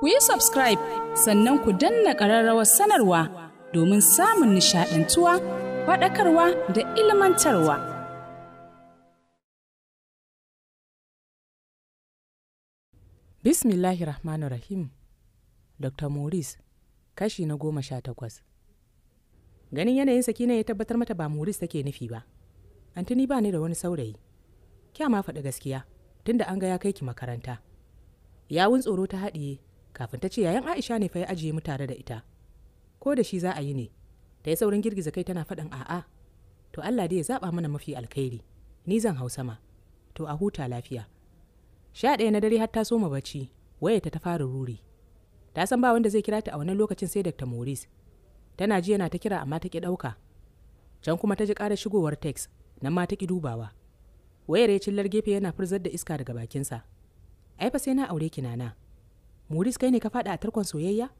ku yi subscribe sannan ku danna ƙararrawar sanarwa domin samun nishaɗantuwa faɗakarwa da ilmantarwa. Bismillahir Rahmanir Rahim Dr. Maurice kashi na goma sha takwas. Ganin yanayin sakina ya tabbatar mata ba Maurice take nufi ba. Antini ba ni da wani saurayi. Kya ma faɗi gaskiya tunda an ga ya kai ki makaranta. Yawun tsoro ta haɗiye kafin ta ce yayan aisha ne fa ya ajiye mu tare da ita ko da shi za a yi ne ta yi saurin girgiza kai tana faɗin a'a to allah dai ya zaɓa mana mafi alkhairi ni zan hau sama to a huta lafiya sha ɗaya na dare har ta soma bacci wayarta ta fara ruri ta san ba wanda zai kira ta a wannan lokacin sai dr maurice tana ji yana ta kira amma ta ki ɗauka can kuma ta ji ƙara shigowar tex nan ma ta ki dubawa wayar ya cillar gefe yana furzar da iska daga bakinsa ai fa sai na aure kinana. nana Moris kai ne ka faɗa a tarkon soyayya?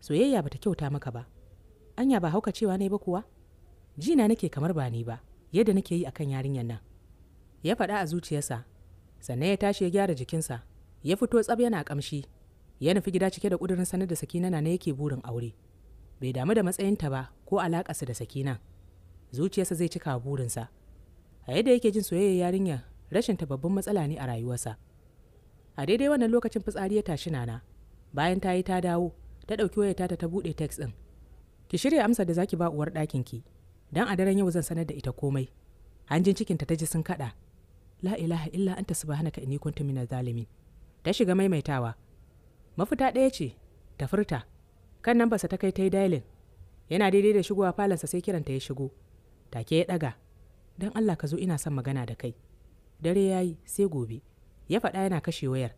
Soyayya bata kyauta maka ba. Anya ba hauka cewa ne ba kuwa? na nake kamar ba ni ba, yadda nake yi akan yarinyar nan. Ya faɗa a zuciyarsa, sannan ya tashi ya gyara jikinsa, ya fito tsab yana kamshi. Ya nufi gida cike da ƙudurin sanar da Sakina na yake burin aure. Bai damu da matsayinta ba ko alaƙarsa da Sakina. Zuciyarsa zai cika burinsa. A yadda yake jin soyayya yarinya, rashinta babban matsala ne a rayuwarsa. a daidai wannan lokacin fitsari ya tashi nana bayan ta yi ta dawo ta ɗauki waya ta ta buɗe text ɗin ki shirya amsa da zaki ba uwar ɗakin ki dan a daren yau zan sanar da ita komai hanjin cikinta ta ji sun kaɗa la ilaha illa anta subhanaka inni kuntu minaz zalimin ta shiga maimaitawa mafita ɗaya ce ta furta kan nan basa ta kai ta yi dailin yana daidai da shigowa falansa sai kiranta ya shigo take ya ɗaga don allah ka zo ina son magana da kai dare ya yi sai gobe ya faɗa yana kashe wayar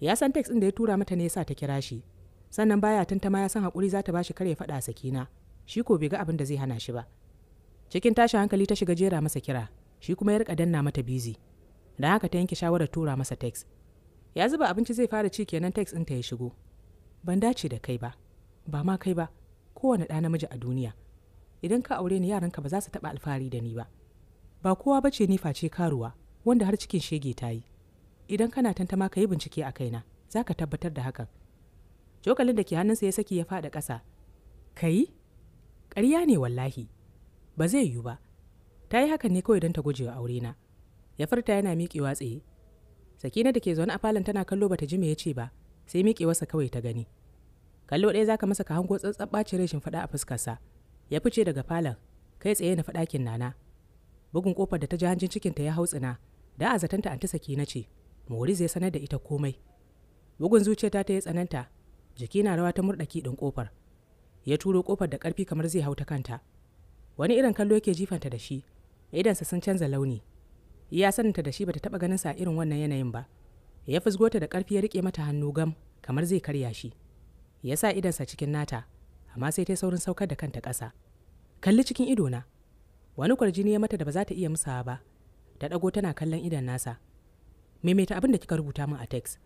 ya san text ɗin da ya tura mata ne yasa ta kira shi sannan baya tantama ya san hakuri za ta bashi kar ya faɗa a na. shi ko bai ga abin da zai hana shi ba cikin tashin hankali ta shiga jera masa kira shi kuma ya riƙa danna mata bizi don haka ta yanke shawarar tura masa text ya zuba abinci zai fara ci kenan text ta ya shigo ban dace da kai ba ba ma kai ba kowane ɗa namiji a duniya idan ka aure ni yaranka ba za su taɓa alfahari da ni ba ba kowa bace ni face karuwa wanda har cikin shege ta yi idan kana tantama ka yi bincike a kaina za ka tabbatar da hakan cokalin da ke hannunsa ya saki ya faɗa ƙasa kai ƙarya ne wallahi ba zai yiwu ba ta yi hakan ne kawai don ta guje wa aurena ya farta yana miƙewa tsaye sakina da ke zaune a falon tana kallo bata ji me ya ce ba sai miƙewarsa kawai ta gani kallo ɗaya zaka masa ka hango tsantsar ɓacin rashin faɗa a fuskarsa ya fice daga falon kai tsaye na faɗakin nana bugun kofar da ta ji hanjin cikinta ya hautsina da a zatanta anti sakina ce Maurice zai sanar da ita komai. Bugun zuciyata ta yi tsananta, jiki na rawa ta murɗaki ɗin ƙofar. Ya turo ƙofar da ƙarfi kamar zai hau ta kanta. Wani irin kallo yake jifanta da shi, idansa sun canza launi. iya saninta da shi bata taɓa ganin sa irin wannan yanayin ba. Ya fusgo ta da ƙarfi ya riƙe mata hannu gam kamar zai karya shi. Ya sa idansa cikin nata, amma sai ta saurin saukar da kanta ƙasa. Kalli cikin idona. Wani kwarjini ya mata da ba za ta iya musawa ba. Ta ɗago tana kallon idan nasa. maimaita abin da kika rubuta min a text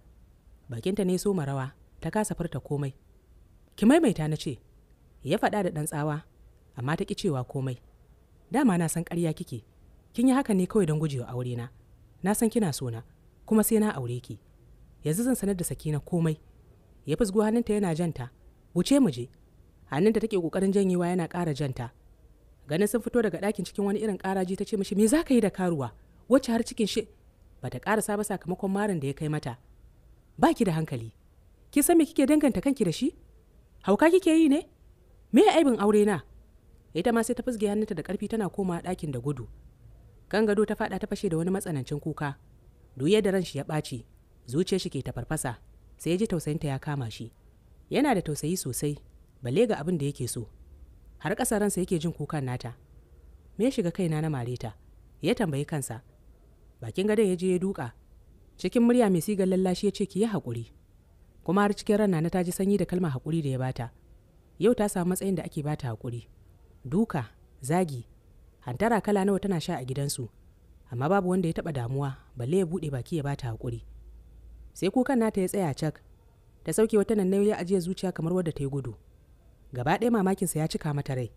bakinta ne so rawa ta kasa furta komai ki maimaita na ce ya faɗa da ɗan tsawa amma ta ƙi cewa komai dama na san ƙarya kike kin yi haka ne kawai don gujewa aure na na san kina sona kuma sai na aure ki yanzu zan sanar da sakina komai ya fusgo hannunta yana janta wuce mu je hannunta take kokarin janyewa yana ƙara janta ganin sun fito daga dakin cikin wani irin karaji ta ce mishi me za ka yi da karuwa wacce har cikin shi ba ta karasa ba sakamakon marin da ya kai mata ba ki da hankali Ki san me kike danganta kanki da shi hauka kike yi ne me aibin aure na ita ma sai ta fusge hannunta da karfi tana komawa ɗakin da gudu kan gado ta faɗa ta fashe da wani matsanancin kuka duye da ran shi ya ɓaci zuciyar shi ke ta farfasa sai ya ji tausayinta ya kama shi yana da tausayi sosai balle ga abin da yake so har ƙasa ransa yake jin kukan nata me ya shiga kaina na mareta ya tambayi kansa bakin gadon ya je ya duka cikin murya mai sigar lallashi ya ce ki yi haƙuri kuma har cikin rana na ta ji sanyi da kalmar haƙuri da ya bata yau ta samu matsayin da ake bata haƙuri duka zagi hantara kala nawa tana sha a gidansu amma babu wanda ya taɓa damuwa balle ya buɗe baki ya bata haƙuri sai kukan nata ya tsaya cak ta sauke wata nan nauyi ajiye zuciya kamar wadda ta yi gudu gaba ɗaya mamakinsa ya cika mata rai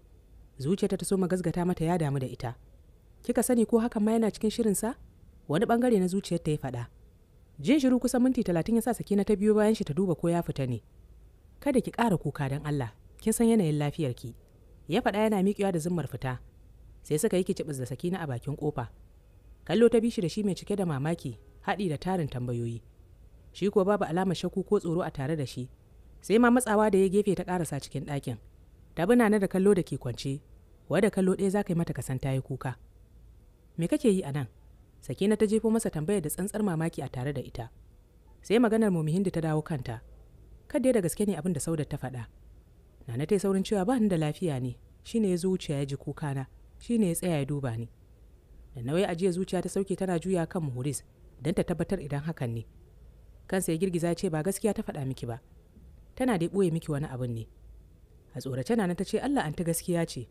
zuciyarta ta so magazgata mata ya damu da ita kika sani ko hakan ma yana cikin shirinsa wani bangare na zuciyar ta ya faɗa jin shiru kusan minti talatin ya sa sakina ta biyo bayan shi ta duba ko ya fita ne kada ki ƙara kuka don allah kin san yanayin lafiyarki ya faɗa yana miƙewa da zimmar fita sai suka yi kicibis da sakina a bakin ƙofa kallo ta bishi da shi mai cike da mamaki haɗi da tarin tambayoyi shi kuwa babu alamar shakku ko tsoro a tare da shi sai ma matsawa da ya gefe ta ƙarasa cikin ɗakin ta na da kallo da ke kwance wadda kallo ɗaya za ka yi mata kasan ta yi kuka me kake yi a nan sakina ta jefo masa tambayar da tsantsar mamaki a tare da ita sai maganar mu mumihindu ta dawo kanta kadai da gaske ne abin da saudar ta faɗa nana ta yi saurin cewa ba ni da lafiya ne shine ya zuciya ya ji kuka kukana shine ya tsaya ya duba ni da nauyi ajiya zuciya ta sauke tana juya kan muhuris don ta tabbatar idan hakan ne kansa ya girgiza ce ba gaskiya ta faɗa miki ba tana da ɓoye miki wani abin ne a tsorace nana ta ce allah an ta gaskiya ce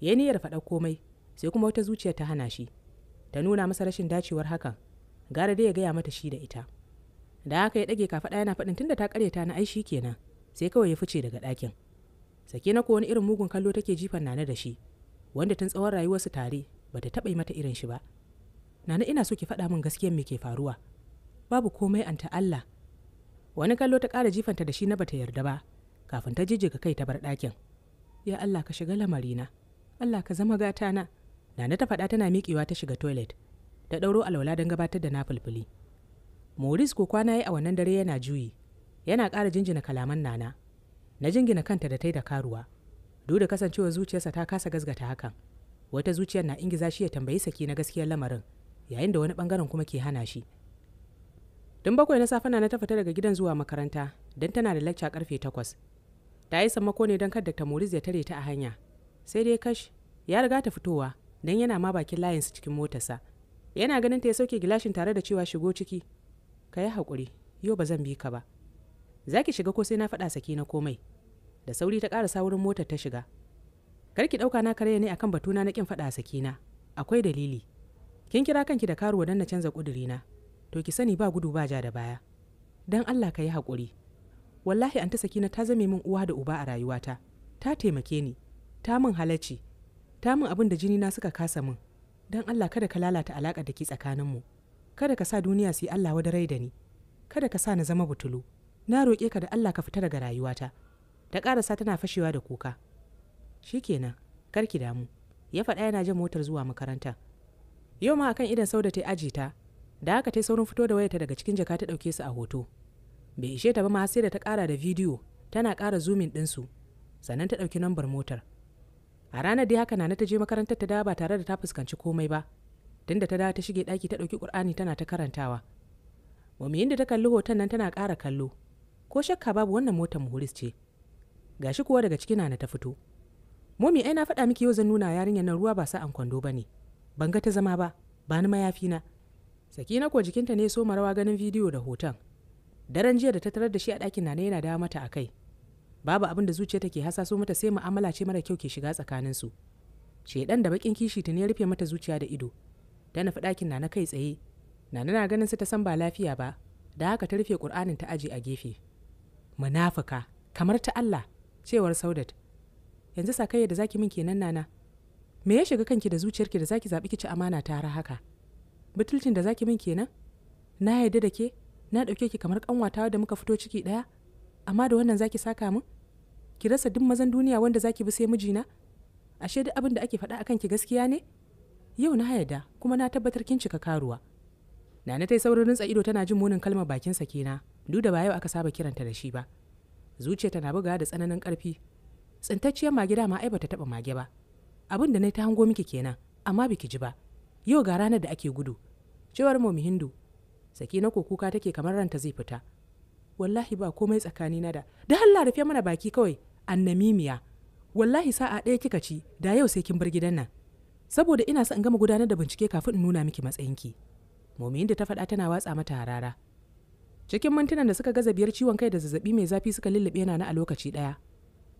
ya niyyar faɗa komai sai kuma wata zuciya ta hana shi ta nuna masa rashin dacewar hakan gara dai ya gaya mata shi da ita da haka ya dage kafaɗa yana faɗin tunda ta ta na aishi kenan sai kawai ya fice daga ɗakin sake na ko wani irin mugun kallo take jifan nana da shi wanda tun tsawon rayuwarsu tare bata taɓa yi mata irin shi ba nana ina so ki faɗa min gaskiyan me ke faruwa babu komai anta Allah wani kallo ta ƙara jifanta da shi na bata yarda ba kafin ta jijjiga kai ta bar ɗakin ya Allah ka shiga lamarina Allah ka zama gata na Nana ta faɗa tana miƙewa ta shiga toilet, ta ɗauro alwala don gabatar da na fulfuli. Maurice ko kwana yi a wannan dare yana juyi, yana ƙara jinjina kalaman Nana. Na jingina kanta da yi da karuwa. Duk da kasancewa zuciyarsa ta kasa gasgata hakan. Wata zuciyar na ingiza shi ya tambayi saki na gaskiyar lamarin, yayin da wani bangaren kuma ke hana shi. Tun bakwai na safe Nana ta fita daga gidan zuwa makaranta, don tana da lacca karfe takwas. Ta yi sammako ne don kar Dr. Maurice ya tare ta a hanya. Sai dai kash, ya riga ta fitowa, don yana ma bakin layinsu cikin motarsa yana ganin ta ya sauke gilashin tare da cewa shigo ciki ka yi haƙuri yau ba zan bi ka ba za ki shiga ko sai na faɗa saki na komai da sauri ta ƙarasa wurin motar ta shiga kar ki ɗauka na karya ne akan batuna na ƙin faɗa saki na akwai dalili kin kira kanki da karuwa don na canza ƙudurina to ki sani ba gudu ba ja da baya don allah ka yi haƙuri wallahi an ta sakina ta zame min uwa da uba a rayuwata ta taimake ni ta min halacci ta min abin da jini na suka kasa min don allah kada ka lalata alaƙa da ke tsakaninmu kada ka sa duniya su yi allah wa rai da ni kada ka sa na zama butulu na roƙe ka da allah ka fita daga rayuwata da ƙarasa tana fashewa da kuka Shi kenan, kar ki damu ya faɗa yana jan motar zuwa makaranta yau ma akan idan sauda ta aji ta da haka ta saurin fito da wayarta daga cikin jaka ta ɗauke su a hoto bai ishe ta ba ma sai da ta ƙara da bidiyo tana ƙara zumin ɗinsu sannan ta ɗauki nambar motar a ranar dai haka nana ta je makarantar ta dawo ba tare da ta fuskanci komai ba tunda ta dawo ta shige daki ta ɗauki ƙur'ani tana ta karantawa mumiyin da ta kalli hoton nan tana kara kallo ko shakka babu wannan motar muhuris ce gashi kuwa daga ciki nana ta fito momi ai na faɗa miki yau zan nuna yarinyar nan ruwa ba sa an kwando bane ban ga ta zama ba ba ni mayafi na sakina ko jikinta ne so rawa ganin bidiyo da hoton daren jiya da ta tarar da shi a ɗakin nana yana dawo mata a kai babu abin da zuciya take hasaso mata sai mu'amala ce mara kyau ke shiga tsakanin su shedan da bakin kishi ta ne rufe mata zuciya da ido ta nufi ɗakin na na kai tsaye na na ganin su ta san ba lafiya ba da haka ta rufe ƙur'anin ta aji a gefe munafuka kamar ta Allah cewar Saudat yanzu kai da zaki min kenan nana me ya shiga kanki da zuciyar zuciyarki da zaki zaɓi ci amana ta har haka bitulcin da zaki min kenan na yarda da ke na ɗauke ki kamar ƙanwata da muka fito ciki ɗaya amma da wannan zaki saka min ki rasa duk mazan duniya wanda zaki bi sai mijina ashe duk abin da ake faɗa akan ki gaskiya ne yau na yarda kuma na tabbatar kin cika karuwa nana ta yi saurin rintsa ido tana jin munin kalmar sa kenan duk da ba yau aka saba kiranta da shi ba zuciya na bugawa da tsananin karfi. tsintacciyar mage dama ai bata taɓa mage ba abin da na ta hango miki kenan amma biki ji ba yau ga ranar da ake gudu cewar mu hindu sakina ko kuka take kamar ranta zai fita wallahi ba komai tsakani na da da Allah rufe mana baki kawai annamimiya wallahi sa'a ɗaya kika ci da yau sai kin bar gidan nan saboda ina son in gama gudanar da bincike kafin in nuna miki matsayinki momin da ta faɗa tana watsa mata harara cikin mintunan da suka gaza biyar ciwon kai da zazzabi mai zafi suka lullube na a lokaci ɗaya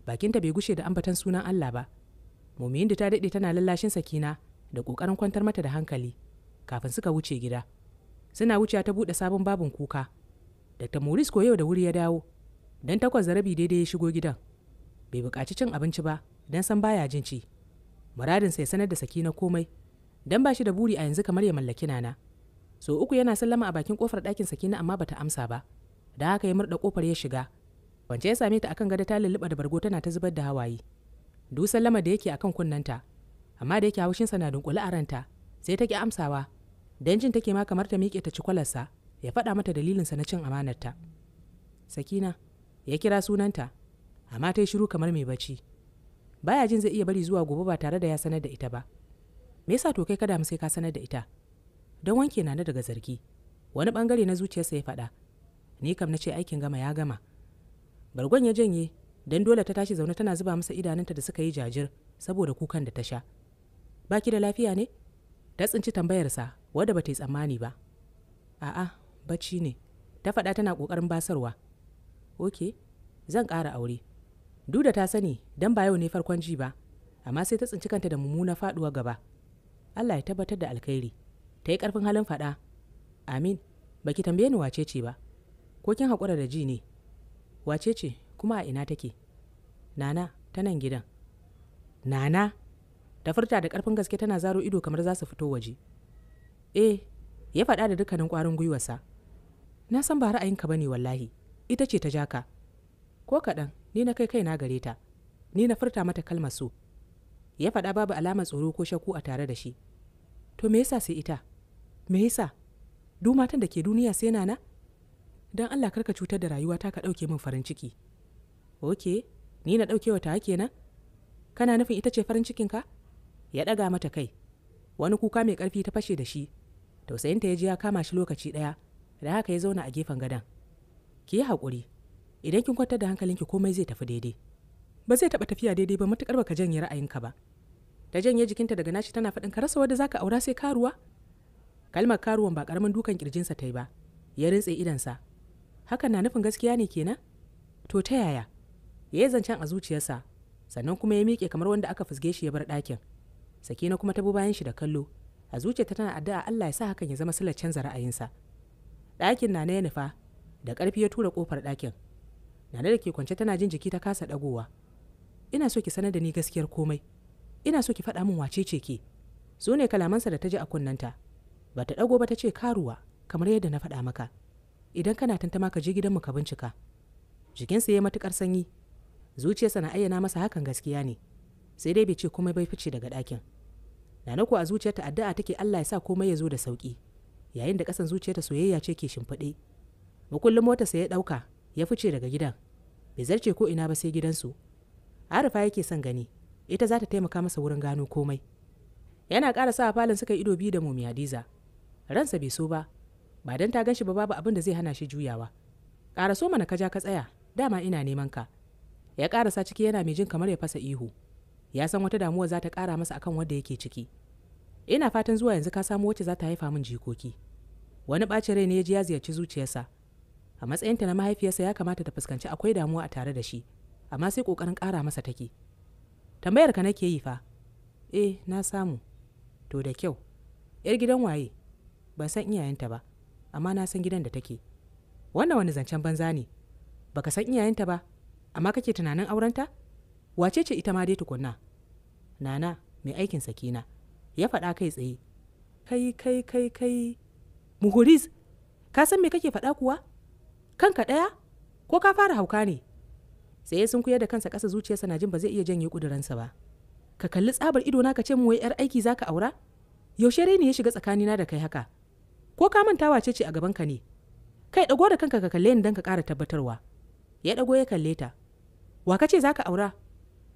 bakinta bai gushe da ambatan sunan Allah ba momin da ta daɗe tana lallashin sakina da ƙoƙarin kwantar mata da hankali kafin suka wuce gida suna wuce ta buɗe sabon babin kuka dr maurice ko yau da wuri ya dawo don takwas da rabi daidai ya shigo gidan bai buƙaci cin abinci ba don san baya jin ci muradinsa ya sanar da saki na komai don ba shi da buri a yanzu kamar ya mallaki nana so uku yana sallama a bakin kofar ɗakin sakina amma bata amsa ba da haka ya murda kofar ya shiga wance ya same ta akan gada ta lulluɓa da bargo tana ta zubar da hawaye duk sallama da yake akan kunnanta amma da yake haushinsa na dunkule a ranta sai ta ki amsawa don jin take ma kamar ta miƙe ta ci kwalarsa ya faɗa mata dalilinsa na cin amanarta sakina ya kira sunanta amma ta yi shiru kamar mai bacci baya jin zai iya bari zuwa gobe ba tare da ya sanar da ita ba me yasa to kai kada mu sai ka sanar da ita don wanke na na daga zargi wani bangare na zuciyarsa ya faɗa ni kam na ce aikin gama ya gama bargon ya janye don dole ta tashi zaune tana zuba masa idanunta da suka yi jajir saboda kukan da ta sha baki da lafiya ne ta tsinci tambayarsa wadda ba ta yi tsammani ba a'a bacci ne ta faɗa tana ƙoƙarin basarwa ok zan ƙara aure duda ta sani don ba yau ne farkon ji ba amma sai ta tsinci kanta da mummuna faɗuwa gaba allah ya tabbatar da alkhairi ta yi ƙarfin halin faɗa amin baki tambaye ni wace ce ba ko kin haƙura da ji ne wace ce kuma a ina take nana ta nan gidan nana ta furta da ƙarfin gaske tana zaro ido kamar za su fito waje eh ya faɗa da dukkanin ƙwarin gwiwarsa na san ba ra'ayinka ba ne wallahi ita ce ta jaka ko kaɗan ni na kai kai na gare ta ni na furta mata kalmar su ya faɗa babu alamar tsoro ko shakku a tare da shi to me yasa sai ita me yasa duk matan da ke duniya sai na na don allah karka cutar da rayuwa ta ka ɗauke min farin ciki ok ni na ɗauke wata kenan kana nufin ita ce farin ka. ya ɗaga mata kai wani kuka mai ƙarfi ta fashe da shi tausayinta ya ji ya kama shi lokaci ɗaya da haka ya zauna a gefen gadon ki yi haƙuri idan kin kwantar da hankalinki komai zai tafi daidai ba zai taɓa tafiya daidai ba matuƙar baka janye ra'ayinka ba ta janye jikinta daga nashi tana faɗin ka rasa wadda zaka aura sai karuwa kalmar karuwan ba ƙaramin dukan ƙirjinsa ta yi ba ya rintse idansa hakan na nufin gaskiya ne kenan to ta yaya ya yi zancen a zuciyarsa sannan kuma ya miƙe kamar wanda aka fusge shi ya bar ɗakin sakina kuma ta bi bayan shi da kallo a zuciyarta tana addu'a Allah ya sa hakan ya zama sallar canza ra'ayinsa ɗakin na ya nufa da ƙarfi ya tura ƙofar ɗakin nana da ke kwance tana jin jiki ta kasa ɗagowa ina so ki sanar da ni gaskiyar komai ina so ki faɗa min wace ce ke su ne kalamansa da ta ji a kunnanta ba ta ɗago ba ta ce karuwa kamar yadda na faɗa maka idan kana tantama ka je gidanmu ka bincika jikinsa ya yi matuƙar sanyi zuciyarsa na ayyana masa hakan gaskiya ne sai dai bai ce komai bai fice daga ɗakin nana ko a zuciyarta addu'a take Allah ya sa komai ya zo da sauƙi yayin da ƙasan zuciyarta soyayya ce ke shimfiɗe makullin motarsa ya ɗauka ya fice daga gidan bai zarce ko ina ba sai gidansu arifa yake son gani ita za ta taimaka masa wurin gano komai yana ƙara sa falon suka ido biyu da mumi hadiza ransa bai so ba ba don ta gan shi ba babu abin da zai hana shi juyawa ƙara so mana ka ja ka tsaya dama ina neman ka ya ƙarasa ciki yana mai jin kamar ya fasa ihu ya san wata damuwa za ta ƙara masa akan wanda yake ciki ina fatan zuwa yanzu ka samu wacce za ta haifa min jikoki wani ɓacin rai ne ya ji ya ziyarci zuciyarsa a matsayinta na mahaifiyarsa ya kamata ta fuskanci akwai damuwa a tare da shi amma sai ƙoƙarin ƙara masa take tambayar ka nake yi fa eh na samu to da kyau yar gidan waye ban san iyayenta ba amma na san gidan da take wannan wani zancen banza ne baka san iyayenta ba amma kake tunanin aurenta wace ce ita ma dai tukunna nana mai aikin sakina ya faɗa kai tsaye kai kai kai kai muhuriz ka san me kake faɗa kuwa kanka ɗaya ko ka fara hauka ne Tsaye sun koyar da kansa ƙasa zuciyarsa na jin ba zai iya janye ƙuduransa ba ka kalli tsabar ido na ka ce mu wai yar aiki zaka aura yaushe rai ya shiga tsakanina da kai haka ko ka manta wace ce a gaban ka ne kai dago da kanka ka kalle ni dan ka ƙara tabbatarwa ya ɗago, ya kalle ta wa ka ce zaka aura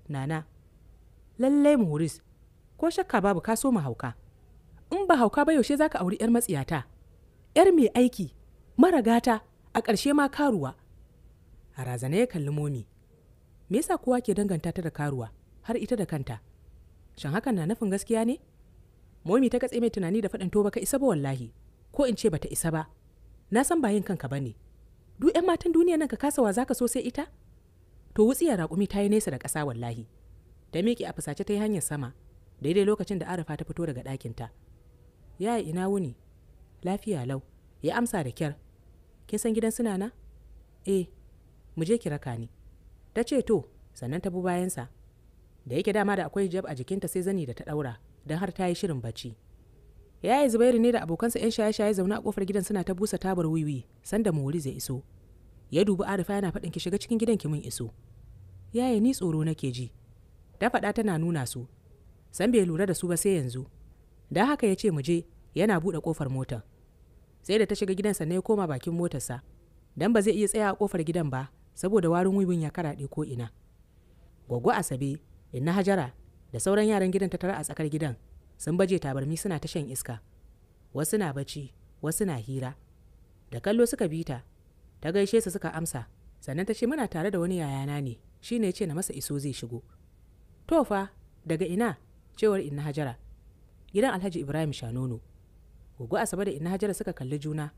nana lallai muhuris ko shakka babu ka so hauka in ba hauka ba yaushe zaka auri yar matsiyata yar mai aiki mara gata a ƙarshe ma karuwa a razana ya kalli momi me yasa kowa ke danganta ta da karuwa har ita da kanta shin hakan na nufin gaskiya ne momi ta katse mai tunani da faɗin to baka isa ba wallahi ko in ce bata isa ba na san ba yin kanka bane duk yan matan duniya nan ka kasa wa zaka so sai ita to wutsiyar raƙumi ta yi nesa da ƙasa wallahi ta miƙe a fusace ta yi hanyar sama daidai lokacin da arafa ta fito daga ɗakinta ya ina wuni lafiya lau ya amsa da kyar kin san gidan suna na eh mu je ki raka ni ta ce to sannan ta bi bayansa da yake dama da akwai jab a jikinta sai zani da ta ɗaura don har ta yi shirin bacci ya yi zubairu ne da abokansa 'yan shaye-shaye zaune a kofar gidan suna ta busa tabar wiwi sanda mori zai iso ya dubi arufa yana faɗin ki shiga cikin gidan ki mun iso yaya ni tsoro nake ji ta faɗa tana nuna su san bai lura da su ba sai yanzu da haka ya ce mu je yana buɗe ƙofar motar sai da ta shiga gidansa ne ya koma bakin motarsa dan ba zai iya tsaya a ƙofar gidan ba saboda warin wibin ya karaɗe ko ina gwaggo asabe inna hajara da sauran yaran gidan ta tara a tsakar gidan sun baje tabarmi suna ta shan iska wasu na bacci wasu na hira da kallo suka bi ta ta gaishe su suka amsa sannan ta ce muna tare da wani yayana ne shine ce na masa iso zai shigo to fa daga ina cewar inna hajara gidan alhaji ibrahim shanono gugu asabe da inna hajara suka kalli juna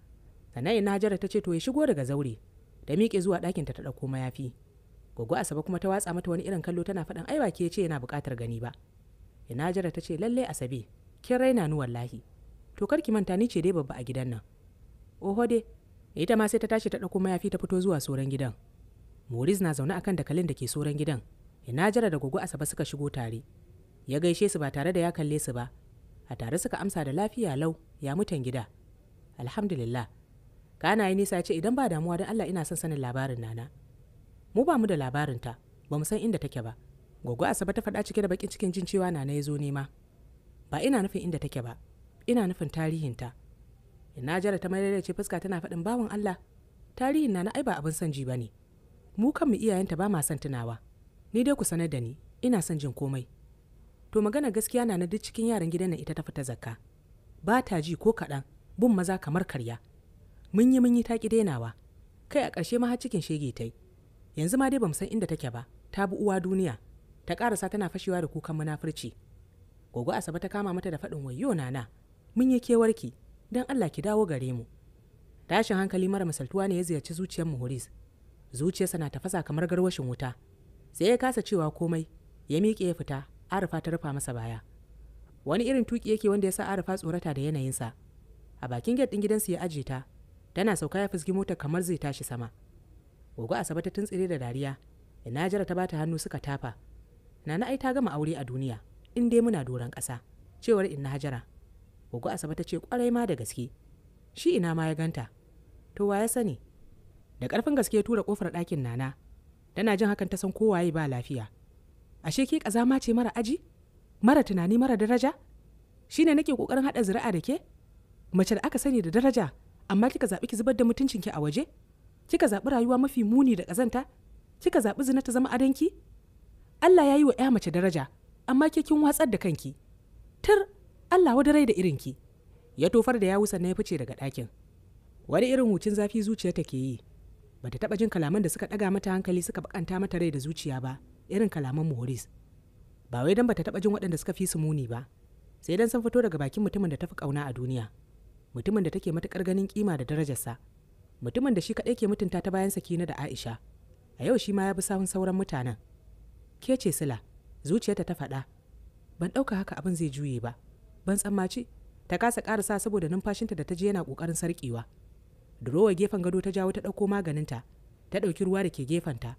sannan inna hajara ta ce to ya shigo daga zaure da miƙe zuwa ɗakinta ta ɗauko mayafi gugu asabe kuma ta watsa mata wani irin kallo tana faɗin ai ba ke ce yana buƙatar gani ba inna hajara ta ce lallai asabe kin raina ni wallahi to kar ki manta ni ce dai babba a gidan nan oho dai ita ma sai ta tashi ta ɗauko mayafi ta fito zuwa sauran gidan Moris na zaune akan dakalin da ke sauran gidan Jara da gogo Asabe suka shigo tare. ya gaishe su ba tare da ya kalle su ba a tare suka amsa da lafiya lau ya mutan gida alhamdulillah kana yi nisa ce idan ba damuwa don allah ina son sanin labarin nana mu ba mu da labarin ta. ba mu san inda take ba Goggo asabe ta faɗa cike da bakin cikin jin cewa nana ya zo nema ba ina nufin inda take ba ina nufin tarihinta ina jara ta mayar ce fuska tana faɗin bawan allah tarihin nana ai ba abin son ji ba ne mu kanmu iyayenta ba ma son tunawa ni dai ku sanar da ni ina son jin komai to magana gaskiya na na duk cikin yaran gidan nan ita ta fita zakka ba ta ji ko kaɗan bin maza kamar karya mun yi mun yi taƙi dainawa kai a ƙarshe ma har cikin shege ta yi yanzu ma dai bamu san inda take ba ta bi uwa duniya ta ƙarasa tana fashewa da kukan munafurci gogo asabe ta kama mata da faɗin wayo nana mun yi kewarki don allah ki dawo gare mu tashin hankali mara misaltuwa ne ya ziyarci zuciyar muhuris zuciyarsa na tafasa kamar garwashin wuta sai ya kasa cewa komai ya miƙe ya fita arifa ta rufa masa baya wani irin tuki yake wanda ya sa arifa tsorata da yanayinsa a bakin gate din gidansu ya aje ta tana sauka ya fuski mota kamar zai tashi sama gogo asabe ta tuntsire da dariya ina jira ta bata hannu suka tafa nana ai ta gama aure a duniya in dai muna doron ƙasa cewar inna hajara gogo asabe ta ce kwarai ma da gaske shi ina ma ya ganta to wa ya sani da ƙarfin gaske ya tura kofar ɗakin nana tana jin hakan ta san kowaye ba lafiya ashe ke kazama ce mara aji mara tunani mara daraja shine nake kokarin hada zuri'a da ke mace da aka sani da daraja amma kika zaɓi ki zubar da mutuncin ki a waje kika zaɓi rayuwa mafi muni da kazanta kika zaɓi zina ta zama adanki Allah ya yi wa 'ya mace daraja amma ke kin watsar da kanki tar Allah wa rai da ki ya tofar da yawu sannan ya fice daga ɗakin wani irin hucin zafi zuciya take yi bata taba jin kalaman da suka daga mata hankali suka bakanta mata rai da zuciya ba irin kalaman moris ba wai don bata taba jin waɗanda suka fi su muni ba sai dan san fito daga bakin mutumin da tafi kauna a duniya mutumin da take matukar ganin kima da darajarsa mutumin da shi kaɗai ke mutunta ta bayan sakina da Aisha a yau shi ma ya bi sahun sauran mutanen ke ce sila zuciyarta ta faɗa ban ɗauka haka abin zai juye ba ban tsammaci ta kasa ƙarasa saboda numfashinta da ta je yana ƙoƙarin sarƙewa durowa gefen gado ta jawo ta ɗauko maganinta ta ɗauki ruwa da ke gefenta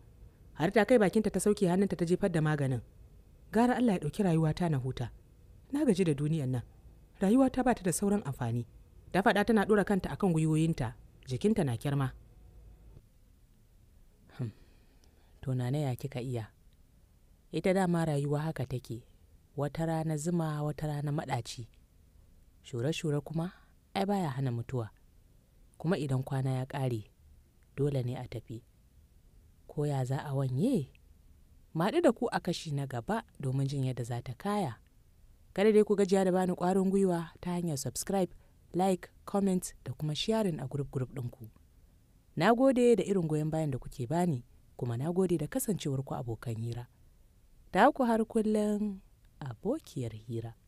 har ta kai bakinta ta sauke hannunta ta jefar da maganin gara allah ya ɗauki rayuwata na huta na gaji da duniyan nan rayuwa ta bata da sauran amfani ta faɗa tana ɗora kanta akan gwiwoyinta jikinta na kyarma hmm. ya kika iya ita dama rayuwa haka take wata rana zuma wata rana maɗaci shure-shure kuma ai baya hana mutuwa kuma idan kwana ya ƙare dole ne a tafi ko ya za a wanye? Maɗu da ku a kashi na gaba domin jin yadda za ta kaya. Kada dai ku gajiya da bani ƙwarin gwiwa ta hanyar subscribe, like, comment da kuma sharin a gurub gurub ɗinku. Na gode da irin goyon bayan da kuke bani, kuma na gode da kasancewar ku abokan hira. Ta ku har kullum abokiyar hira.